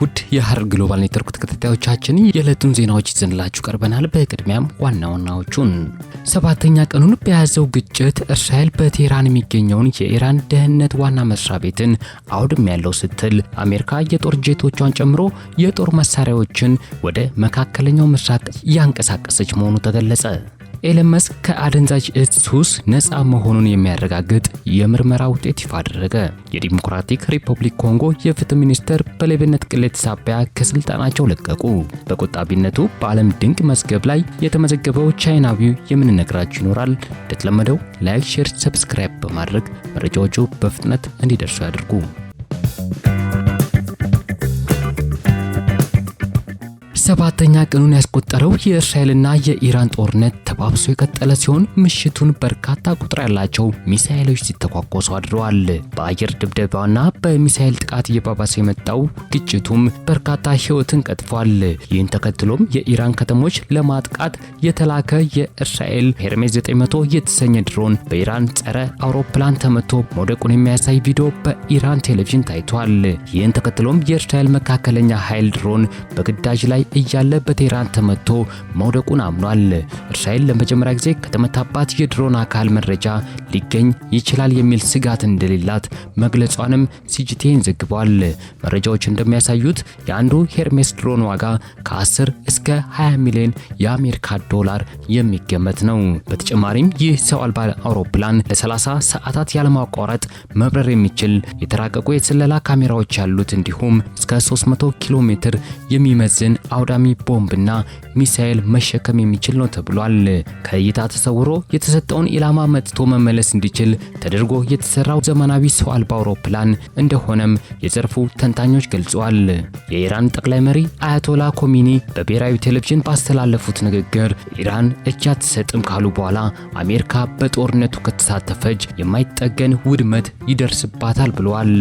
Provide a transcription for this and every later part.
ውድ የሀር ግሎባል ኔትወርክ ተከታታዮቻችን የዕለቱን ዜናዎች ይዘንላችሁ ቀርበናል። በቅድሚያም ዋና ዋናዎቹን። ሰባተኛ ቀኑን በያዘው ግጭት እስራኤል በቴህራን የሚገኘውን የኢራን ደህንነት ዋና መስሪያ ቤትን አውድም ያለው ስትል አሜሪካ የጦር ጄቶቿን ጨምሮ የጦር መሳሪያዎችን ወደ መካከለኛው ምስራቅ እያንቀሳቀሰች መሆኑ ተገለጸ። ኤለን መስክ ከአደንዛዥ እጽ ሱስ ነፃ መሆኑን የሚያረጋግጥ የምርመራ ውጤት ይፋ አደረገ። የዲሞክራቲክ ሪፐብሊክ ኮንጎ የፍትህ ሚኒስትር በሌብነት ቅሌት ሳቢያ ከስልጣናቸው ለቀቁ። በቆጣቢነቱ በዓለም ድንቅ መዝገብ ላይ የተመዘገበው ቻይናዊው የምንነግራችሁ ይኖራል። እንደተለመደው ላይክ፣ ሼር፣ ሰብስክራይብ በማድረግ መረጃዎቹ በፍጥነት እንዲደርሱ ያድርጉ። ሰባተኛ ቀኑን ያስቆጠረው የእስራኤልና የኢራን ጦርነት ተባብሶ የቀጠለ ሲሆን ምሽቱን በርካታ ቁጥር ያላቸው ሚሳኤሎች ሲተኳኮሱ አድረዋል። በአየር ድብደባና በሚሳኤል ጥቃት እየባባሰ የመጣው ግጭቱም በርካታ ሕይወትን ቀጥፏል። ይህን ተከትሎም የኢራን ከተሞች ለማጥቃት የተላከ የእስራኤል ሄርሜስ 900 የተሰኘ ድሮን በኢራን ጸረ አውሮፕላን ተመቶ መውደቁን የሚያሳይ ቪዲዮ በኢራን ቴሌቪዥን ታይቷል። ይህን ተከትሎም የእስራኤል መካከለኛ ኃይል ድሮን በግዳጅ ላይ እያለ በቴህራን ተመቶ መውደቁን አምኗል። እስራኤል ለመጀመሪያ ጊዜ ከተመታባት የድሮን አካል መረጃ ሊገኝ ይችላል የሚል ስጋት እንደሌላት መግለጿንም ሲጂቲኤን ዘግቧል። መረጃዎች እንደሚያሳዩት የአንዱ ሄርሜስ ድሮን ዋጋ ከ10 እስከ 20 ሚሊዮን የአሜሪካ ዶላር የሚገመት ነው። በተጨማሪም ይህ ሰው አልባ አውሮፕላን ለ30 ሰዓታት ያለማቋረጥ መብረር የሚችል የተራቀቁ የስለላ ካሜራዎች ያሉት እንዲሁም እስከ 300 ኪሎ ሜትር የሚመዝን አውዳሚ ቦምብና ሚሳኤል መሸከም የሚችል ነው ተብሏል። ከእይታ ተሰውሮ የተሰጠውን ኢላማ መጥቶ መመለስ እንዲችል ተደርጎ የተሰራው ዘመናዊ ሰው አልባ አውሮፕላን እንደሆነም የዘርፉ ተንታኞች ገልጸዋል። የኢራን ጠቅላይ መሪ አያቶላ ኮሚኒ በብሔራዊ ቴሌቪዥን ባስተላለፉት ንግግር ኢራን እጅ አትሰጥም ካሉ በኋላ አሜሪካ በጦርነቱ ከተሳተፈች የማይጠገን ውድመት ይደርስባታል ብለዋል።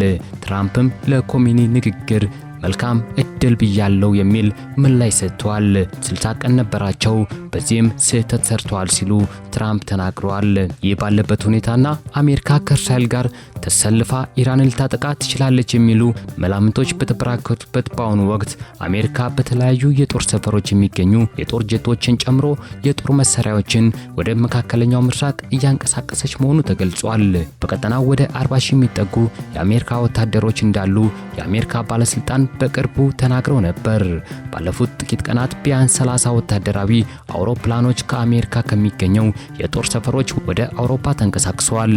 ትራምፕም ለኮሚኒ ንግግር መልካም እድል ብያለው የሚል ምላሽ ሰጥተዋል። 60 ቀን ነበራቸው፣ በዚህም ስህተት ሰርተዋል ሲሉ ትራምፕ ተናግረዋል። ይህ ባለበት ሁኔታና አሜሪካ ከእስራኤል ጋር ተሰልፋ ኢራንን ልታጠቃ ትችላለች የሚሉ መላምቶች በተበራከቱበት በአሁኑ ወቅት አሜሪካ በተለያዩ የጦር ሰፈሮች የሚገኙ የጦር ጀቶችን ጨምሮ የጦር መሳሪያዎችን ወደ መካከለኛው ምስራቅ እያንቀሳቀሰች መሆኑ ተገልጿል። በቀጠናው ወደ 40 ሺህ የሚጠጉ የአሜሪካ ወታደሮች እንዳሉ የአሜሪካ ባለስልጣን በቅርቡ ተናግረው ነበር። ባለፉት ጥቂት ቀናት ቢያንስ 30 ወታደራዊ አውሮፕላኖች ከአሜሪካ ከሚገኘው የጦር ሰፈሮች ወደ አውሮፓ ተንቀሳቅሰዋል።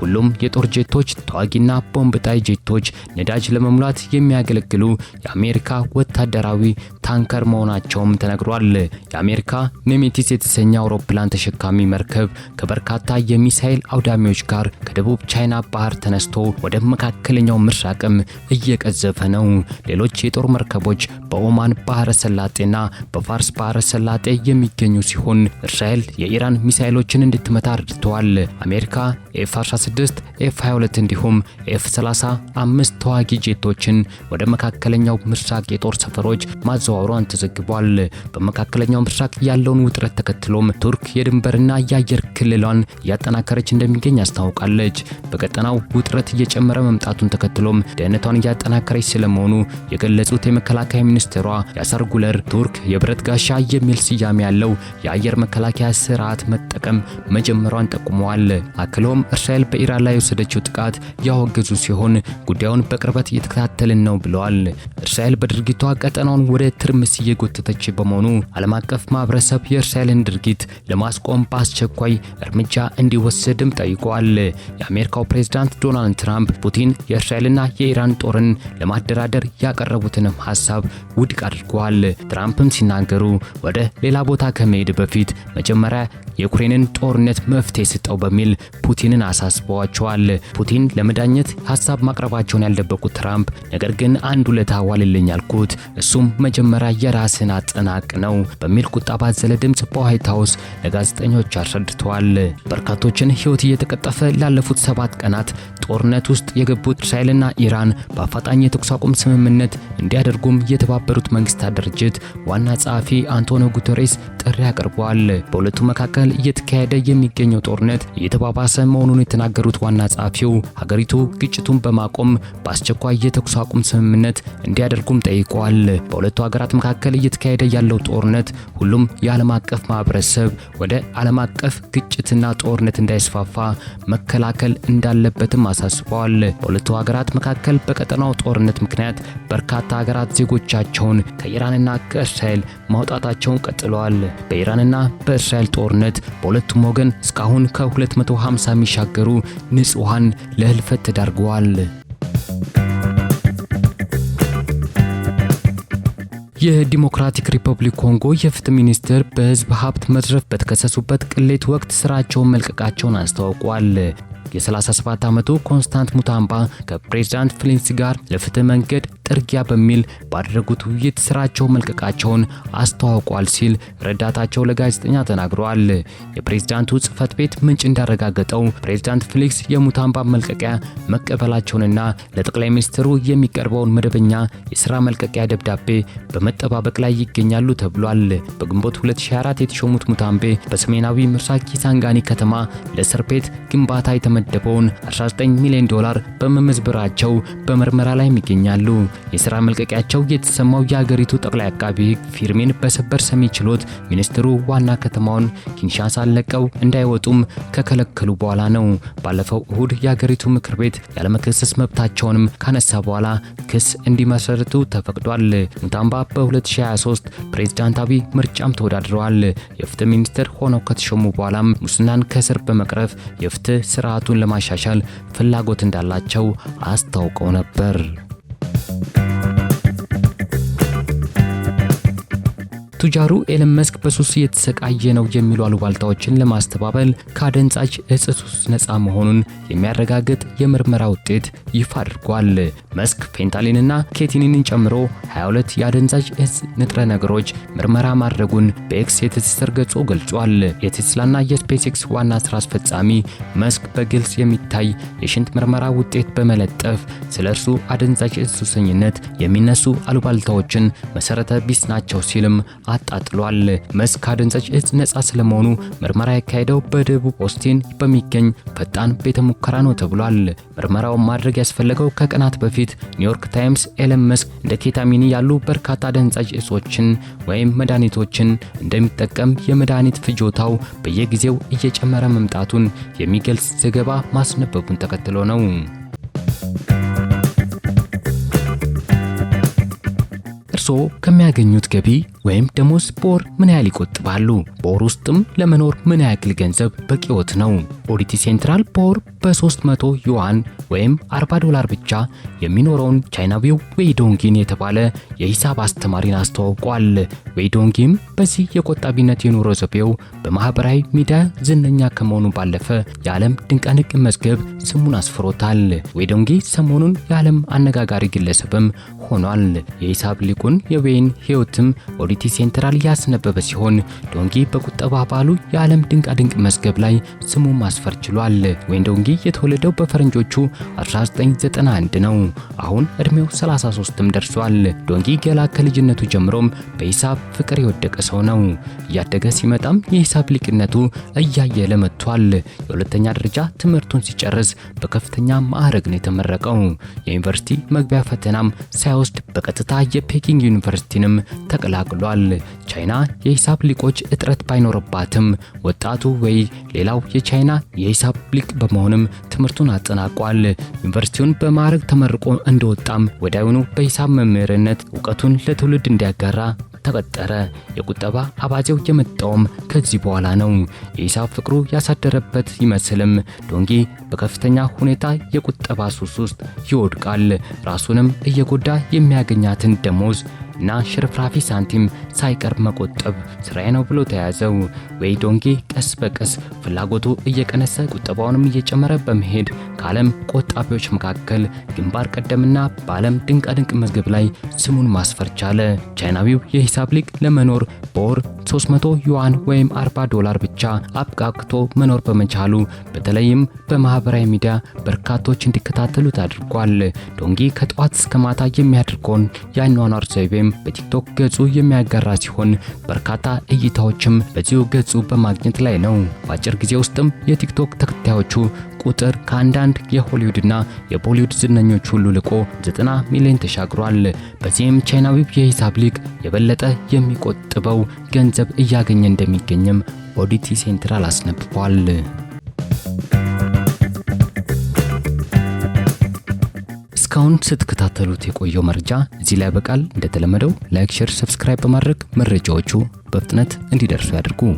ሁሉም የጦር ጄቶች ተዋጊና ቦምብ ጣይ ጄቶች ነዳጅ ለመሙላት የሚያገለግሉ የአሜሪካ ወታደራዊ ታንከር መሆናቸውም ተነግሯል። የአሜሪካ ኔሜቲስ የተሰኘ አውሮፕላን ተሸካሚ መርከብ ከበርካታ የሚሳኤል አውዳሚዎች ጋር ከደቡብ ቻይና ባህር ተነስቶ ወደ መካከለኛው ምስራቅም እየቀዘፈ ነው። ሌሎች የጦር መርከቦች በኦማን ባህረ ሰላጤና በፋርስ ባህረ ሰላጤ የሚገኙ ሲሆን እስራኤል የኢራን ሚሳኤሎችን እንድትመታ ረድተዋል። አሜሪካ ኤፍ 16፣ ኤፍ 22 እንዲሁም ኤፍ 35 ተዋጊ ጄቶችን ወደ መካከለኛው ምስራቅ የጦር ሰፈሮች ማዘዋ ማውሯን ተዘግቧል። በመካከለኛው ምስራቅ ያለውን ውጥረት ተከትሎም ቱርክ የድንበርና የአየር ክልሏን እያጠናከረች እንደሚገኝ አስታውቃለች። በቀጠናው ውጥረት እየጨመረ መምጣቱን ተከትሎም ደህንነቷን እያጠናከረች ስለመሆኑ የገለጹት የመከላከያ ሚኒስትሯ ያሳር ጉለር ቱርክ የብረት ጋሻ የሚል ስያሜ ያለው የአየር መከላከያ ስርዓት መጠቀም መጀመሯን ጠቁመዋል። አክሎም እስራኤል በኢራን ላይ የወሰደችው ጥቃት ያወገዙ ሲሆን ጉዳዩን በቅርበት እየተከታተልን ነው ብለዋል። እስራኤል በድርጊቷ ቀጠናውን ወደ ትርምስ እየጎተተች በመሆኑ ዓለም አቀፍ ማህበረሰብ የእስራኤልን ድርጊት ለማስቆም በአስቸኳይ እርምጃ እንዲወሰድም ጠይቋል። የአሜሪካው ፕሬዝዳንት ዶናልድ ትራምፕ ፑቲን የእስራኤልና የኢራን ጦርን ለማደራደር ያቀረቡትንም ሀሳብ ውድቅ አድርጓል። ትራምፕም ሲናገሩ ወደ ሌላ ቦታ ከመሄድ በፊት መጀመሪያ የዩክሬንን ጦርነት መፍትሄ ስጠው በሚል ፑቲንን አሳስበዋቸዋል። ፑቲን ለመዳኘት ሀሳብ ማቅረባቸውን ያልደበቁት ትራምፕ ነገር ግን አንድ ውለታ ዋልልኝ አልኩት እሱም መጀመ መጀመሪያ የራስን አጠናቅ ነው በሚል ቁጣ ባዘለ ድምፅ በዋይት ሀውስ ለጋዜጠኞች አስረድተዋል። በርካቶችን ህይወት እየተቀጠፈ ላለፉት ሰባት ቀናት ጦርነት ውስጥ የገቡት እስራኤልና ኢራን በአፋጣኝ የተኩስ አቁም ስምምነት እንዲያደርጉም የተባበሩት መንግስታት ድርጅት ዋና ጸሐፊ አንቶኒዮ ጉተሬስ ጥሪ አቅርበዋል። በሁለቱ መካከል እየተካሄደ የሚገኘው ጦርነት እየተባባሰ መሆኑን የተናገሩት ዋና ጸሐፊው ሀገሪቱ ግጭቱን በማቆም በአስቸኳይ የተኩስ አቁም ስምምነት እንዲያደርጉም ጠይቀዋል። በሁለቱ ሀገራት መካከል እየተካሄደ ያለው ጦርነት ሁሉም የዓለም አቀፍ ማህበረሰብ ወደ ዓለም አቀፍ ግጭትና ጦርነት እንዳይስፋፋ መከላከል እንዳለበትም አሳስበዋል። በሁለቱ ሀገራት መካከል በቀጠናው ጦርነት ምክንያት በርካታ ሀገራት ዜጎቻቸውን ከኢራንና ከእስራኤል ማውጣታቸውን ቀጥለዋል። በኢራንና በእስራኤል ጦርነት በሁለቱም ወገን እስካሁን ከ250 የሚሻገሩ ንጹሐን ለህልፈት ተዳርገዋል። የዲሞክራቲክ ሪፐብሊክ ኮንጎ የፍትህ ሚኒስትር በህዝብ ሀብት መድረፍ በተከሰሱበት ቅሌት ወቅት ስራቸውን መልቀቃቸውን አስታውቋል። የ37 ዓመቱ ኮንስታንት ሙታምባ ከፕሬዝዳንት ፍሊንስ ጋር ለፍትህ መንገድ ጥርጊያ በሚል ባደረጉት ውይይት ስራቸው መልቀቃቸውን አስተዋውቋል ሲል ረዳታቸው ለጋዜጠኛ ተናግረዋል። የፕሬዝዳንቱ ጽህፈት ቤት ምንጭ እንዳረጋገጠው ፕሬዝዳንት ፊሊክስ የሙታምባ መልቀቂያ መቀበላቸውንና ለጠቅላይ ሚኒስትሩ የሚቀርበውን መደበኛ የስራ መልቀቂያ ደብዳቤ በመጠባበቅ ላይ ይገኛሉ ተብሏል። በግንቦት 2024 የተሾሙት ሙታምቤ በሰሜናዊ ምርሳ ኪሳንጋኒ ከተማ ለእስር ቤት ግንባታ የተመ የተመደበውን 19 ሚሊዮን ዶላር በመመዝበራቸው በምርመራ ላይ ይገኛሉ። የሥራ መልቀቂያቸው የተሰማው የአገሪቱ ጠቅላይ አቃቢ ሕግ ፊርሜን በሰበር ሰሚ ችሎት ሚኒስትሩ ዋና ከተማውን ኪንሻሳ ለቀው እንዳይወጡም ከከለከሉ በኋላ ነው። ባለፈው እሁድ የአገሪቱ ምክር ቤት ያለመከሰስ መብታቸውንም ካነሳ በኋላ ክስ እንዲመሰርቱ ተፈቅዷል። ሙታምባ በ2023 ፕሬዝዳንታዊ ምርጫም ተወዳድረዋል። የፍትህ ሚኒስትር ሆነው ከተሾሙ በኋላም ሙስናን ከስር በመቅረፍ የፍትህ ስርዓቱ ውጤቱን ለማሻሻል ፍላጎት እንዳላቸው አስታውቀው ነበር። ቱጃሩ ኤለን መስክ በሱስ እየተሰቃየ ነው የሚሉ አሉባልታዎችን ለማስተባበል ከአደንዛዥ እጽ ሱስ ነፃ መሆኑን የሚያረጋግጥ የምርመራ ውጤት ይፋ አድርጓል። መስክ ፌንታሊንና ኬቲኒንን ጨምሮ 22 የአደንዛዥ እጽ ንጥረ ነገሮች ምርመራ ማድረጉን በኤክስ የትስስር ገጹ ገልጿል። የቴስላና የስፔስ ኤክስ ዋና ስራ አስፈጻሚ መስክ በግልጽ የሚታይ የሽንት ምርመራ ውጤት በመለጠፍ ስለ እርሱ አደንዛዥ እጽ ሱሰኝነት የሚነሱ አሉባልታዎችን መሰረተ ቢስ ናቸው ሲልም አጣጥሏል። መስክ አደንዛዥ እጽ ነፃ ስለመሆኑ ምርመራ ያካሄደው በደቡብ ኦስቲን በሚገኝ ፈጣን ቤተ ሙከራ ነው ተብሏል። ምርመራውን ማድረግ ያስፈለገው ከቀናት በፊት ኒውዮርክ ታይምስ ኤለን መስክ እንደ ኬታሚኒ ያሉ በርካታ አደንዛዥ እጾችን ወይም መድኃኒቶችን እንደሚጠቀም የመድኃኒት ፍጆታው በየጊዜው እየጨመረ መምጣቱን የሚገልጽ ዘገባ ማስነበቡን ተከትሎ ነው። እርስዎ ከሚያገኙት ገቢ ወይም ደሞስ በወር ምን ያህል ይቆጥባሉ? በወር ውስጥም ለመኖር ምን ያክል ገንዘብ በቂዎት ነው? ኦዲቲ ሴንትራል በወር በ300 ዩዋን ወይም 40 ዶላር ብቻ የሚኖረውን ቻይናዊው ዌይዶንጊን የተባለ የሂሳብ አስተማሪን አስተዋውቋል። ዌይዶንጊም በዚህ የቆጣቢነት የኑሮ ዘቤው በማህበራዊ ሚዲያ ዝነኛ ከመሆኑ ባለፈ የዓለም ድንቃድንቅ መዝገብ ስሙን አስፍሮታል። ዌይዶንጊ ሰሞኑን የዓለም አነጋጋሪ ግለሰብም ሆኗል። የሂሳብ ሊቁን የዌይን ህይወትም ሶሊቲ ሴንትራል ያስነበበ ሲሆን ዶንጊ በቁጠባ ባሉ የዓለም ድንቃድንቅ መዝገብ ላይ ስሙ ማስፈር ችሏል። ዌንዶንጊ የተወለደው በፈረንጆቹ 1991 ነው። አሁን እድሜው 33ም ደርሷል። ዶንጊ ገላ ከልጅነቱ ጀምሮም በሂሳብ ፍቅር የወደቀ ሰው ነው። እያደገ ሲመጣም የሂሳብ ሊቅነቱ እያየለ መጥቷል። የሁለተኛ ደረጃ ትምህርቱን ሲጨርስ በከፍተኛ ማዕረግ ነው የተመረቀው። የዩኒቨርሲቲ መግቢያ ፈተናም ሳይወስድ በቀጥታ የፔኪንግ ዩኒቨርሲቲንም ተቀላቅሏል። ተስተውሏል። ቻይና የሂሳብ ሊቆች እጥረት ባይኖርባትም ወጣቱ ወይ ሌላው የቻይና የሂሳብ ሊቅ በመሆንም ትምህርቱን አጠናቋል። ዩኒቨርሲቲውን በማዕረግ ተመርቆ እንደወጣም ወዲያውኑ በሂሳብ መምህርነት እውቀቱን ለትውልድ እንዲያጋራ ተቀጠረ። የቁጠባ አባዜው የመጣውም ከዚህ በኋላ ነው። የሂሳብ ፍቅሩ ያሳደረበት ይመስልም ዶንጊ በከፍተኛ ሁኔታ የቁጠባ ሱስ ውስጥ ይወድቃል። ራሱንም እየጎዳ የሚያገኛትን ደሞዝ እና ሽርፍራፊ ሳንቲም ሳይቀር መቆጠብ ስራዬ ነው ብሎ ተያዘው። ወይ ዶንጌ ቀስ በቀስ ፍላጎቱ እየቀነሰ ቁጠባውንም እየጨመረ በመሄድ ከዓለም ቆጣቢዎች መካከል ግንባር ቀደምና በዓለም ድንቃድንቅ ምግብ ላይ ስሙን ማስፈር ቻለ። ቻይናዊው የሂሳብ ሊቅ ለመኖር በወር 300 ዩዋን ወይም 40 ዶላር ብቻ አብቃቅቶ መኖር በመቻሉ በተለይም በማህበራዊ ሚዲያ በርካቶች እንዲከታተሉት አድርጓል። ዶንጊ ከጠዋት እስከ ማታ የሚያደርገውን የአኗኗር ዘይቤም በቲክቶክ ገጹ የሚያጋራ ሲሆን በርካታ እይታዎችም በዚሁ ገጹ በማግኘት ላይ ነው። በአጭር ጊዜ ውስጥም የቲክቶክ ተከታዮቹ ቁጥር ከአንዳንድ የሆሊውድና የቦሊውድ ዝነኞች ሁሉ ልቆ 90 ሚሊዮን ተሻግሯል። በዚህም ቻይናዊው የሂሳብ ሊቅ የበለጠ የሚቆጥበው ገንዘብ እያገኘ እንደሚገኝም ኦዲቲ ሴንትራል አስነብቧል። እስካሁን ስትከታተሉት የቆየው መረጃ እዚህ ላይ ያበቃል። እንደተለመደው ላይክ፣ ሼር፣ ሰብስክራይብ በማድረግ መረጃዎቹ በፍጥነት እንዲደርሱ ያድርጉ።